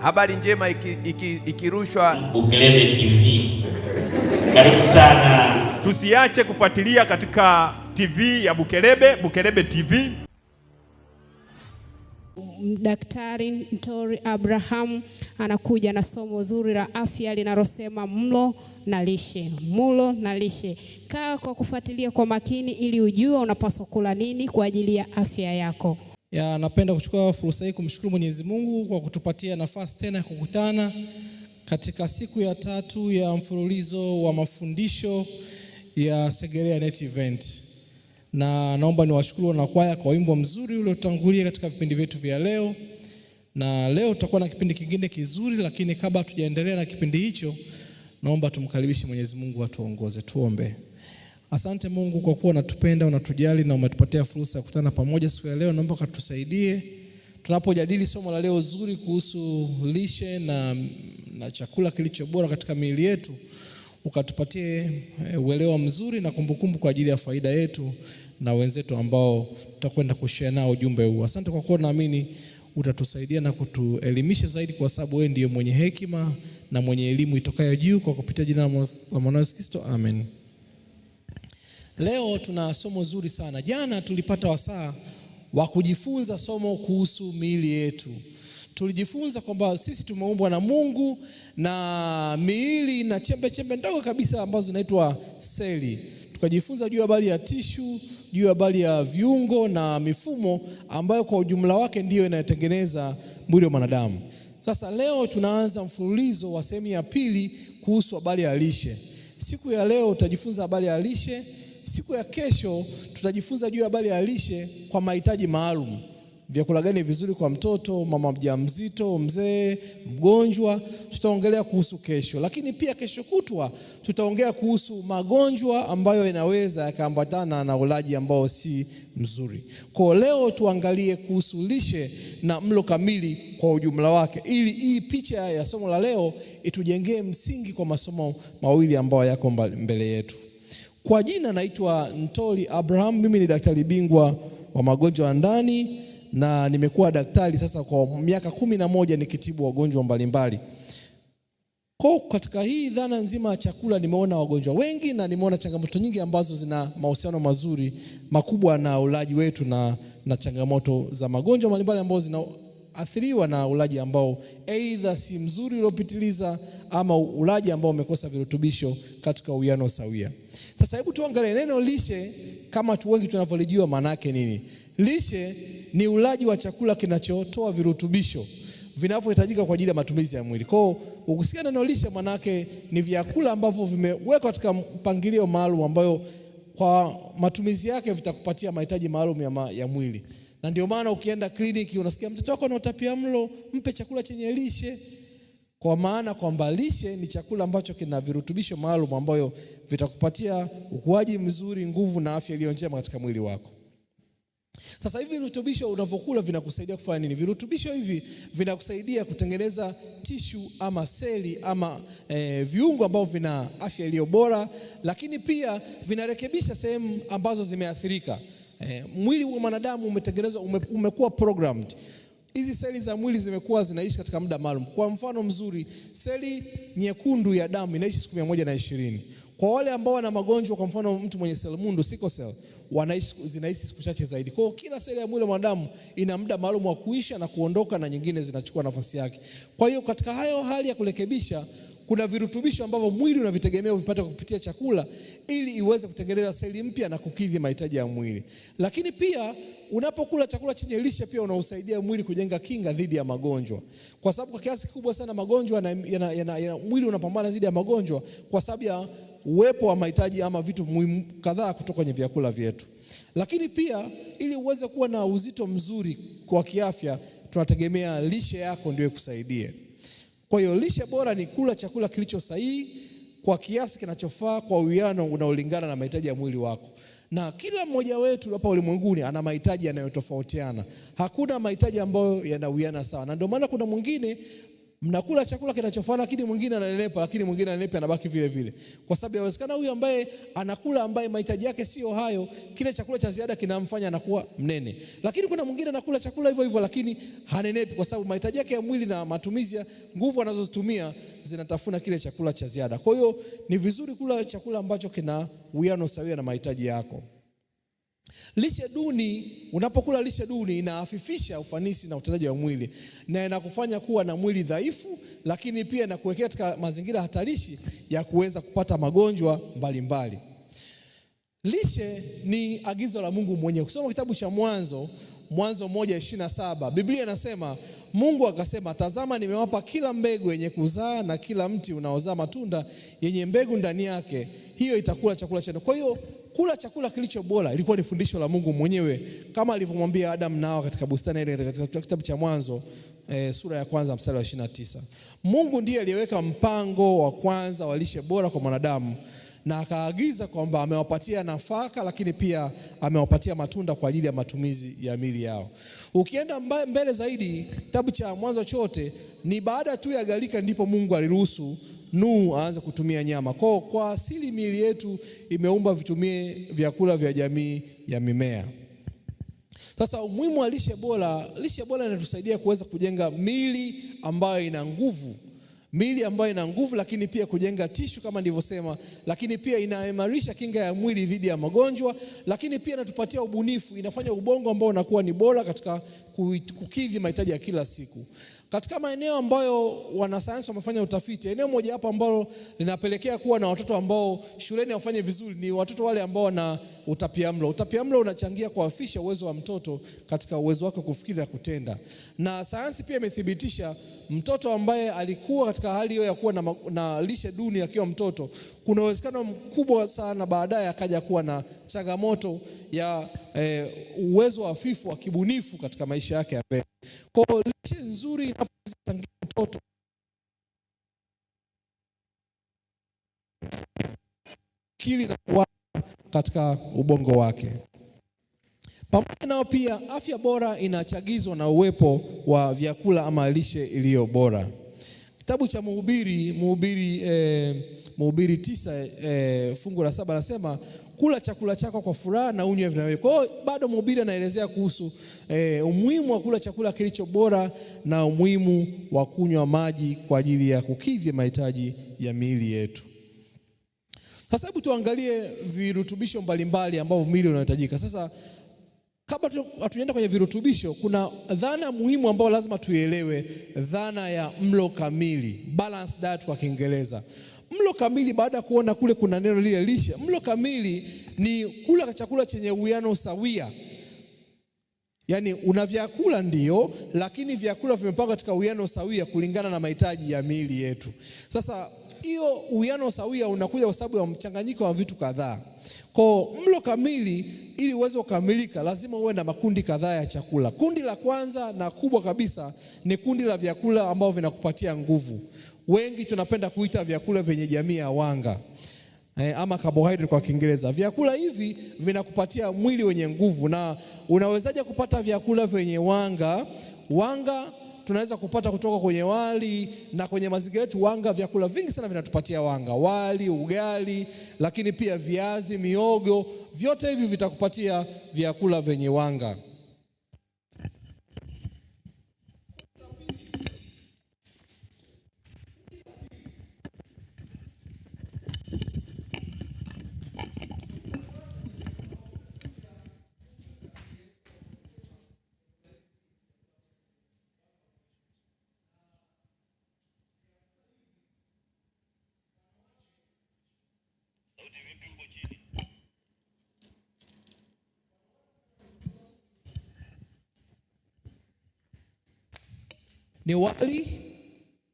Habari njema ikirushwa iki, iki Bukelebe TV. Karibu sana, tusiache kufuatilia katika TV ya Bukelebe, Bukelebe TV. Daktari ntori Abrahamu anakuja na somo zuri la afya linalosema mlo na lishe, mlo na lishe. Kaa kwa kufuatilia kwa makini, ili ujue unapaswa kula nini kwa ajili ya afya yako ya napenda kuchukua fursa hii kumshukuru Mwenyezi Mungu kwa kutupatia nafasi tena ya kukutana katika siku ya tatu ya mfululizo wa mafundisho ya Segerea Net Event, na naomba niwashukuru wanakwaya kwa wimbo mzuri uliotangulia katika vipindi vyetu vya leo, na leo tutakuwa na kipindi kingine kizuri, lakini kabla tujaendelea na kipindi hicho, naomba tumkaribishe Mwenyezi Mungu atuongoze. Tuombe. Asante Mungu kwa kuwa unatupenda, unatujali na umetupatia fursa ya kukutana pamoja siku ya leo. Naomba katusaidie tunapojadili somo la leo zuri kuhusu lishe na, na chakula kilicho bora katika miili yetu, ukatupatie eh, uelewa mzuri na kumbukumbu kwa ajili ya faida yetu na wenzetu ambao tutakwenda kushare nao ujumbe huu. Asante kwa kuwa naamini utatusaidia na kutuelimisha zaidi, kwa sababu wewe ndiye mwenye hekima na mwenye elimu itokayo juu, kwa kupitia jina la Mwanao Kristo, amen. Leo tuna somo zuri sana. Jana tulipata wasaa wa kujifunza somo kuhusu miili yetu. Tulijifunza kwamba sisi tumeumbwa na Mungu na miili na chembe chembe ndogo kabisa ambazo zinaitwa seli. Tukajifunza juu habari ya tishu, juu habari ya viungo na mifumo ambayo kwa ujumla wake ndiyo inayotengeneza mwili wa mwanadamu. Sasa leo tunaanza mfululizo wa sehemu ya pili kuhusu habari ya lishe. Siku ya leo utajifunza habari ya lishe Siku ya kesho tutajifunza juu ya habari ya lishe kwa mahitaji maalum, vyakula gani vizuri kwa mtoto, mama mjamzito, mzee, mgonjwa. Tutaongelea kuhusu kesho, lakini pia kesho kutwa tutaongea kuhusu magonjwa ambayo yanaweza yakaambatana na ulaji ambao si mzuri. Kwa leo tuangalie kuhusu lishe na mlo kamili kwa ujumla wake, ili hii picha ya somo la leo itujengee msingi kwa masomo mawili ambayo yako mbele yetu. Kwa jina naitwa Ntoli Abraham, mimi ni daktari bingwa wa magonjwa ya ndani na nimekuwa daktari sasa kwa miaka kumi na moja nikitibu wagonjwa mbalimbali. Kwa katika hii dhana nzima ya chakula nimeona wagonjwa wengi na nimeona changamoto nyingi ambazo zina mahusiano mazuri makubwa na ulaji wetu na, na changamoto za magonjwa mbalimbali ambazo zinaathiriwa na ulaji ambao aidha si mzuri uliopitiliza ama ulaji ambao umekosa virutubisho katika uwiano sawia. Sasa hebu tuangalie neno lishe kama tu wengi tunavyolijua maana nini? Lishe ni ulaji wa chakula kinachotoa virutubisho vinavyohitajika kwa ajili ya matumizi ya mwili. Kwa hiyo ukisikia neno lishe, maana ni vyakula ambavyo vimewekwa katika mpangilio maalum ambayo kwa matumizi yake vitakupatia mahitaji maalum ya, ma, ya mwili. Na ndio maana ukienda kliniki unasikia mtoto wako ana utapiamlo, mpe chakula chenye lishe kwa maana kwamba lishe ni chakula ambacho kina virutubisho maalum ambayo vitakupatia ukuaji mzuri, nguvu na afya iliyo njema katika mwili wako. Sasa hivi virutubisho unavyokula vinakusaidia kufanya nini? Virutubisho hivi vinakusaidia kutengeneza tishu ama seli ama e, viungo ambavyo vina afya iliyo bora, lakini pia vinarekebisha sehemu ambazo zimeathirika. E, mwili wa mwanadamu umetengenezwa ume, umekuwa programmed hizi seli za mwili zimekuwa zinaishi katika muda maalum. Kwa mfano mzuri, seli nyekundu ya damu inaishi siku mia moja na ishirini. Kwa wale ambao wana magonjwa, kwa mfano mtu mwenye selmundu siko sel, wanaishi zinaishi siku chache zaidi. Kwa hiyo kila seli ya mwili wa mwanadamu ina muda maalum wa kuisha na kuondoka, na nyingine zinachukua nafasi yake. Kwa hiyo katika hayo hali ya kurekebisha kuna virutubisho ambavyo mwili unavitegemea vipata kupitia chakula ili iweze kutengeneza seli mpya na kukidhi mahitaji ya mwili. Lakini pia unapokula chakula chenye lishe, pia unausaidia mwili kujenga kinga dhidi ya magonjwa, kwa sababu kwa kiasi kikubwa sana magonjwa ya yana, ya yana, mwili unapambana dhidi ya magonjwa kwa sababu ya uwepo wa mahitaji ama vitu muhimu kadhaa kutoka kwenye vyakula vyetu. Lakini pia ili uweze kuwa na uzito mzuri kwa kiafya, tunategemea lishe yako ndio ikusaidie. Kwa hiyo lishe bora ni kula chakula kilicho sahihi kwa kiasi kinachofaa kwa uwiano unaolingana na mahitaji ya mwili wako. Na kila mmoja wetu hapa ulimwenguni ana mahitaji yanayotofautiana. Hakuna mahitaji ambayo yanawiana sawa, na ndio maana kuna mwingine mnakula chakula kinachofanana, lakini mwingine ananenepa, lakini mwingine ananepa anabaki vile vile, kwa sababu yawezekana huyu ambaye anakula, ambaye mahitaji yake sio hayo, kile chakula cha ziada kinamfanya anakuwa mnene. Lakini kuna mwingine anakula chakula hivyo hivyo, lakini hanenepi, kwa sababu mahitaji yake ya mwili na matumizi ya nguvu anazozitumia zinatafuna kile chakula cha ziada. Kwa hiyo ni vizuri kula chakula ambacho kina uwiano sawia na mahitaji yako. Lishe duni, unapokula lishe duni inaafifisha ufanisi na utendaji wa mwili na inakufanya kuwa na mwili dhaifu, lakini pia inakuwekea katika mazingira hatarishi ya kuweza kupata magonjwa mbalimbali. Lishe ni agizo la Mungu mwenyewe. Kusoma kitabu cha Mwanzo, Mwanzo moja ishirini na saba Biblia inasema Mungu akasema, tazama, nimewapa kila mbegu yenye kuzaa na kila mti unaozaa matunda yenye mbegu ndani yake, hiyo itakula chakula chenu. Kwa hiyo Kula chakula kilicho bora ilikuwa ni fundisho la Mungu mwenyewe kama alivyomwambia Adam na Hawa katika bustani ile, katika kitabu cha Mwanzo e, sura ya kwanza mstari wa 29. Mungu ndiye aliyeweka mpango wa kwanza wa lishe bora kwa mwanadamu na akaagiza kwamba amewapatia nafaka lakini pia amewapatia matunda kwa ajili ya matumizi ya mili yao. Ukienda mbele zaidi, kitabu cha Mwanzo chote ni baada tu ya gharika ndipo Mungu aliruhusu Nuhu aanza kutumia nyama. Kwa kwa asili miili yetu imeumba vitumie vyakula vya jamii ya mimea. Sasa umuhimu wa lishe bora, lishe bora inatusaidia kuweza kujenga miili ambayo ina nguvu, miili ambayo ina nguvu, lakini pia kujenga tishu kama nilivyosema, lakini pia inaimarisha kinga ya mwili dhidi ya magonjwa, lakini pia inatupatia ubunifu, inafanya ubongo ambao unakuwa ni bora katika kukidhi mahitaji ya kila siku. Katika maeneo ambayo wanasayansi wamefanya utafiti, eneo moja hapo ambalo linapelekea kuwa na watoto ambao shuleni wafanye vizuri ni watoto wale ambao wana utapiamlo. Utapiamlo unachangia kuafisha uwezo wa mtoto katika uwezo wake kufikiri na kutenda, na sayansi pia imethibitisha mtoto ambaye alikuwa katika hali hiyo ya kuwa na, na lishe duni akiwa mtoto, kuna uwezekano mkubwa sana baadaye akaja kuwa na changamoto ya eh, uwezo wa hafifu wa kibunifu katika maisha yake ya mbele. Kwa hiyo lishe nzuri inapochangia mtoto kili na katika ubongo wake. Pamoja nao pia, afya bora inachagizwa na uwepo wa vyakula ama lishe iliyo bora. Kitabu cha Mhubiri, Mhubiri eh, Mhubiri tisa eh, fungu la saba nasema kula chakula chako kwa furaha na unywe vinywaji. Kwa hiyo bado mhubiri anaelezea kuhusu eh, umuhimu wa kula chakula kilicho bora na umuhimu wa kunywa maji kwa ajili ya kukidhi mahitaji ya miili yetu. Sasa hebu tuangalie virutubisho mbalimbali ambavyo mwili unahitajika. Sasa kabla hatujaenda kwenye virutubisho, kuna dhana muhimu ambayo lazima tuielewe, dhana ya mlo kamili, balanced diet kwa Kiingereza. Mlo kamili, baada ya kuona kule kuna neno lile lishe, mlo kamili ni kula chakula chenye uwiano sawia, yaani una vyakula ndio, lakini vyakula vimepangwa katika uwiano sawia kulingana na mahitaji ya miili yetu. Sasa hiyo uwiano sawia unakuja kwa sababu ya mchanganyiko wa vitu kadhaa. Kwa mlo kamili, ili uweze kukamilika, lazima uwe na makundi kadhaa ya chakula. Kundi la kwanza na kubwa kabisa ni kundi la vyakula ambavyo vinakupatia nguvu. Wengi tunapenda kuita vyakula vyenye jamii ya wanga eh, ama carbohydrate kwa Kiingereza. Vyakula hivi vinakupatia mwili wenye nguvu. Na unawezaje kupata vyakula vyenye wanga? Wanga tunaweza kupata kutoka kwenye wali na kwenye mazingira yetu wanga. Vyakula vingi sana vinatupatia wanga, wali, ugali, lakini pia viazi, miogo, vyote hivi vitakupatia vyakula vyenye wanga. ni wali,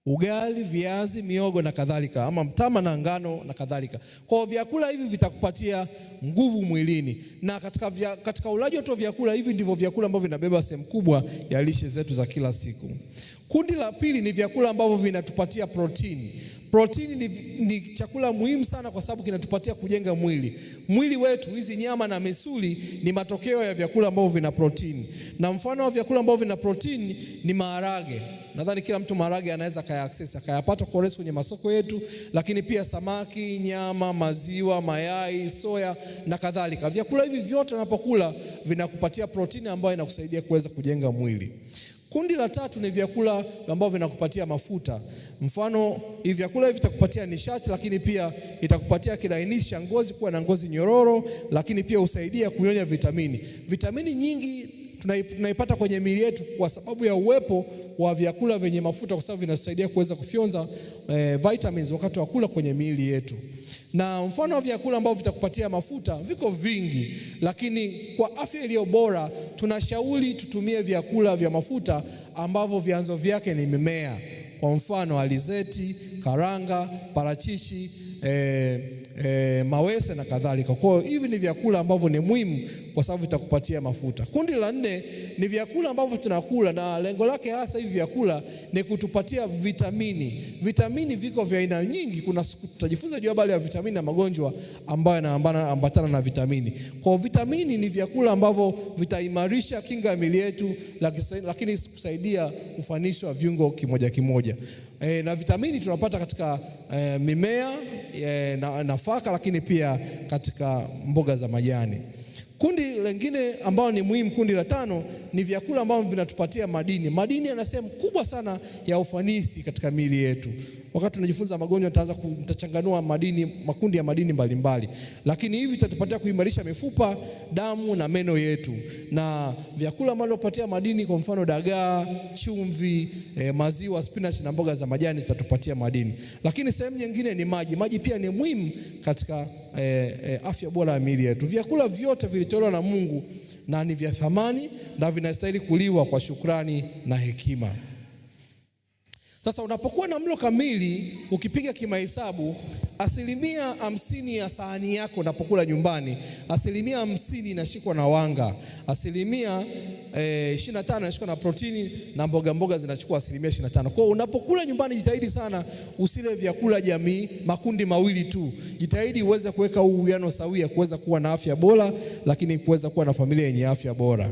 ugali, viazi, miogo na kadhalika, ama mtama na ngano na kadhalika. Kwa vyakula hivi vitakupatia nguvu mwilini, na katika, vya, katika ulaji wa vyakula hivi ndivyo vyakula ambavyo vinabeba sehemu kubwa ya lishe zetu za kila siku. Kundi la pili ni vyakula ambavyo vinatupatia protini. Protini ni, ni chakula muhimu sana kwa sababu kinatupatia kujenga mwili. Mwili wetu, hizi nyama na misuli ni matokeo ya vyakula ambavyo vina protini, na mfano wa vyakula ambavyo vina protini ni maharage. Nadhani kila mtu maharage anaweza access akayapata kwa urahisi kwenye masoko yetu, lakini pia samaki, nyama, maziwa, mayai, soya na kadhalika. Vyakula hivi vyote unapokula vinakupatia protini ambayo inakusaidia kuweza kujenga mwili. Kundi la tatu ni vyakula ambavyo vinakupatia mafuta. Mfano, hivi vyakula hivi vitakupatia nishati, lakini pia itakupatia kilainishi cha ngozi, kuwa na ngozi nyororo, lakini pia husaidia kunyonya vitamini. Vitamini nyingi tunaipata kwenye miili yetu kwa sababu ya uwepo wa vyakula vyenye mafuta, kwa sababu vinasaidia kuweza kufyonza eh, vitamins wakati wa kula kwenye miili yetu. Na mfano wa vyakula ambavyo vitakupatia mafuta viko vingi, lakini kwa afya iliyo bora tunashauri tutumie vyakula vya mafuta ambavyo vyanzo vyake ni mimea, kwa mfano alizeti, karanga, parachichi, e, e, mawese na kadhalika. Kwa hiyo hivi ni vyakula ambavyo ni muhimu kwa sababu itakupatia mafuta. Kundi la nne ni vyakula ambavyo tunakula na lengo lake hasa hivi vyakula ni kutupatia vitamini. Vitamini viko vya aina nyingi, kuna siku tutajifunza juu habari ya vitamini na magonjwa ambayo yanaambatana na vitamini. Kwa vitamini ni vyakula ambavyo vitaimarisha kinga ya mili yetu, lakini kusaidia ufanisi wa viungo kimoja kimoja. E, na vitamini tunapata katika e, mimea e, na nafaka, lakini pia katika mboga za majani. Kundi lingine ambalo ni muhimu, kundi la tano, ni vyakula ambavyo vinatupatia madini. Madini yana sehemu kubwa sana ya ufanisi katika miili yetu wakati tunajifunza magonjwa, nitaanza kutachanganua madini, makundi ya madini mbalimbali mbali. Lakini hivi tutapatia kuimarisha mifupa, damu na meno yetu, na vyakula ambavyo tupatia madini, kwa mfano dagaa, chumvi, eh, maziwa, spinach na mboga za majani zitatupatia madini. Lakini sehemu nyingine ni maji. Maji pia ni muhimu katika eh, eh, afya bora ya miili yetu. Vyakula vyote vilitolewa na Mungu na ni vya thamani na vinastahili kuliwa kwa shukrani na hekima. Sasa unapokuwa na mlo kamili, ukipiga kimahesabu, asilimia hamsini ya sahani yako unapokula nyumbani, asilimia hamsini inashikwa na wanga, asilimia eh, ishirini na tano inashikwa na protini na mboga mboga zinachukua asilimia ishirini na tano. Kwa hiyo unapokula nyumbani, jitahidi sana usile vyakula jamii makundi mawili tu, jitahidi uweze kuweka huu uwiano sawia, kuweza kuwa na afya bora, lakini kuweza kuwa na familia yenye afya bora.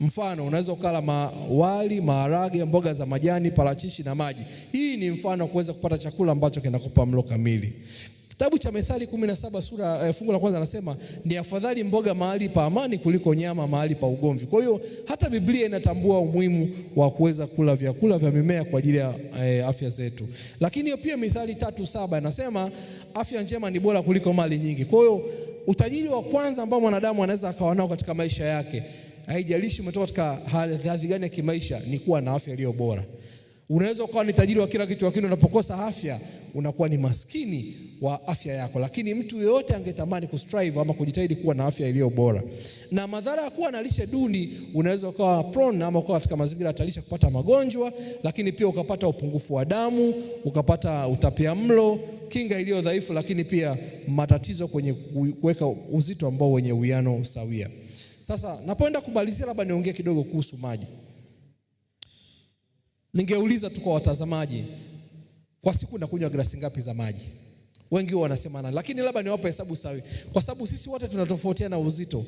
Mfano, unaweza ukala mawali, maharage, mboga za majani, parachichi na maji. Hii ni mfano kuweza kupata chakula ambacho kinakupa mlo kamili. Kitabu cha Methali 17 sura eh, fungu la kwanza anasema ni afadhali mboga mahali pa amani kuliko nyama mahali pa ugomvi. Kwa hiyo hata Biblia inatambua umuhimu wa kuweza kula vyakula vya mimea kwa ajili ya eh, afya zetu. Lakini hiyo pia Methali 3:7 anasema afya njema ni bora kuliko mali nyingi. Kwa hiyo utajiri wa kwanza ambao mwanadamu anaweza akawa nao katika maisha yake haijalishi umetoka katika hali gani ya kimaisha, ni kuwa na afya iliyo bora. Unaweza ukawa ni tajiri wa kila kitu, lakini unapokosa afya unakuwa ni maskini wa afya yako. Lakini mtu yeyote angetamani kustrive ama kujitahidi kuwa na afya iliyo bora. Na madhara ya kuwa na lishe duni, unaweza ukawa prone ama ukawa katika mazingira hatarishi kupata magonjwa, lakini pia ukapata upungufu wa damu, ukapata utapia mlo, kinga iliyo dhaifu, lakini pia matatizo kwenye kuweka uzito ambao wenye uwiano sawia. Sasa napoenda kumalizia, labda niongee kidogo kuhusu maji. Ningeuliza tu kwa watazamaji, kwa siku nakunywa glasi ngapi za maji? Wengi wanasema wanasemana, lakini labda niwape hesabu sawi, kwa sababu sisi wote tunatofautiana uzito.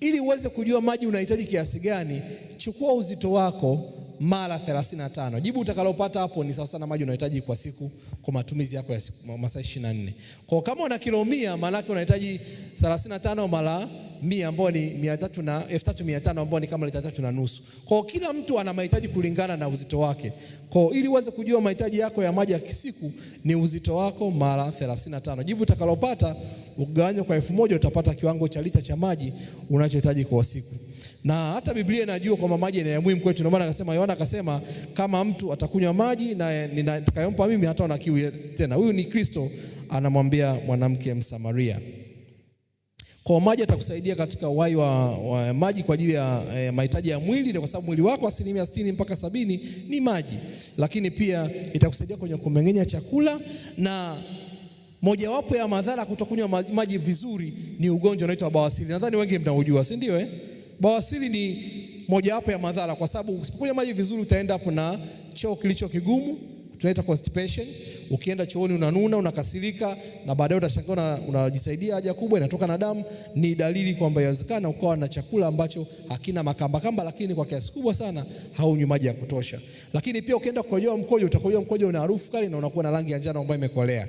Ili uweze kujua maji unahitaji kiasi gani, chukua uzito wako mara 35. Jibu utakalopata hapo ni sawa sana maji unahitaji kwa siku kwa matumizi yako ya siku masaa 24. Kwa kama una kilo 100 maana yake unahitaji 35 mara mia ambao ni mia tatu na elfu tatu mia tano ambao ni kama lita tatu na nusu. Kwa kila mtu ana mahitaji kulingana na uzito wake. Kwa ili uweze kujua mahitaji yako ya maji ya kisiku ni uzito wako mara 35. Jibu utakalopata ugawanye kwa elfu moja utapata kiwango cha lita cha maji unachohitaji kwa siku. Na hata Biblia inajua kwamba maji ni muhimu kwetu. Ndio maana akasema Yohana akasema kama mtu atakunywa maji na nitakayompa mimi hata hataona kiu tena. Huyu ni Kristo anamwambia mwanamke Msamaria. Samaria. Kwa maji atakusaidia katika uhai wa, wa maji kwa ajili ya eh, mahitaji ya mwili, kwa sababu mwili wako asilimia sitini mpaka sabini ni maji, lakini pia itakusaidia kwenye kumeng'enya chakula, na mojawapo ya madhara kutokunywa maji vizuri ni ugonjwa unaitwa bawasiri. Nadhani wengi mnaujua, si ndio eh? Bawasiri ni mojawapo ya madhara, kwa sababu usipokunywa maji vizuri utaenda hapo na choo kilicho kigumu tunaita constipation. Ukienda chooni unanuna, unakasirika na baadaye utashangaa unajisaidia haja kubwa inatoka na damu. Ni dalili kwamba inawezekana ukawa na chakula ambacho hakina makamba kamba, lakini kwa kiasi kubwa sana haunywi maji ya kutosha. Lakini pia ukienda kukojoa mkojo, utakojoa mkojo una harufu kali na unakuwa na rangi ya njano ambayo imekolea.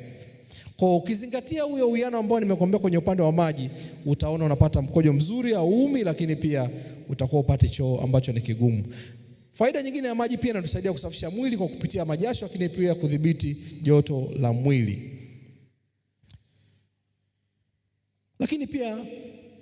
Kwa ukizingatia huyo uwiano ambao nimekuambia kwenye upande wa maji, utaona unapata mkojo mzuri au umi, lakini pia utakuwa upate choo ambacho ni kigumu. Faida nyingine ya maji pia inatusaidia kusafisha mwili kwa kupitia majasho, lakini pia kudhibiti joto la mwili. Lakini pia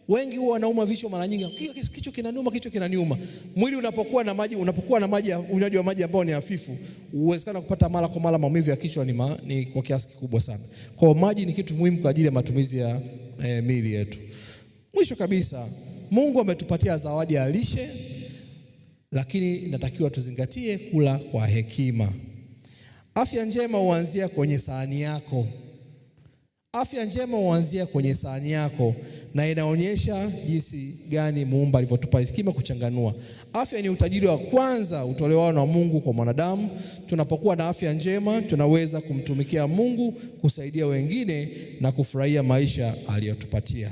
wengi huwa wanauma vichwa mara nyingi, kichwa kinaniuma, kichwa kinaniuma. Mwili unapokuwa na maji, unapokuwa na maji, unywaji wa maji ambao ni hafifu, uwezekano kupata mara kwa mara maumivu ya kichwa ni, ma, ni kwa kiasi kikubwa sana. Kwa hiyo maji ni kitu muhimu kwa ajili ya matumizi ya eh, miili yetu. Mwisho kabisa, Mungu ametupatia zawadi ya lishe lakini natakiwa tuzingatie kula kwa hekima. Afya njema huanzia kwenye sahani yako. Afya njema huanzia kwenye sahani yako, na inaonyesha jinsi gani muumba alivyotupa hekima kuchanganua. Afya ni utajiri wa kwanza utolewao na Mungu kwa mwanadamu. Tunapokuwa na afya njema, tunaweza kumtumikia Mungu, kusaidia wengine na kufurahia maisha aliyotupatia.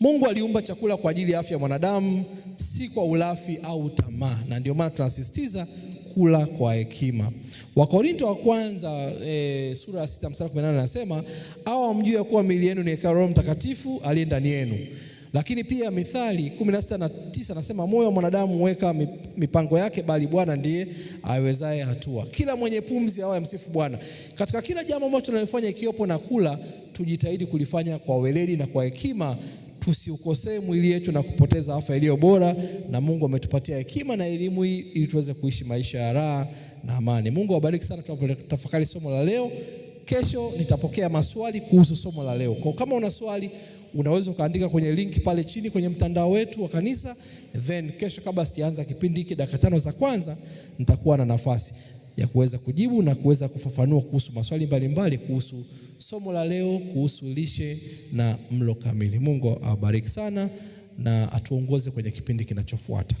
Mungu aliumba chakula kwa ajili ya afya ya mwanadamu, si kwa ulafi au tamaa, na ndio maana tunasisitiza kula kwa hekima. Wakorinto wa kwanza e, sura ya 6 mstari 18 anasema, au hamjui ya kuwa miili yenu ni hekalu la Roho Mtakatifu aliye ndani yenu. Lakini pia Mithali 16 na 9 anasema, moyo wa mwanadamu huweka mipango yake, bali Bwana ndiye awezaye hatua. Kila mwenye pumzi awe msifu Bwana. Katika kila jambo ambalo tunalifanya, ikiwepo na kula, tujitahidi kulifanya kwa weledi na kwa hekima tusiukosee mwili yetu na kupoteza afya iliyo bora, na Mungu ametupatia hekima na elimu hii ili tuweze kuishi maisha ya raha na amani. Mungu awabariki sana tunapotafakari somo la leo. Kesho nitapokea maswali kuhusu somo la leo. Kwa kama una swali unaweza ukaandika kwenye link pale chini kwenye mtandao wetu wa kanisa, then kesho kabla sijaanza kipindi hiki dakika tano za kwanza nitakuwa na nafasi ya kuweza kujibu na kuweza kufafanua kuhusu maswali mbalimbali kuhusu somo la leo, kuhusu lishe na mlo kamili. Mungu awabariki sana na atuongoze kwenye kipindi kinachofuata.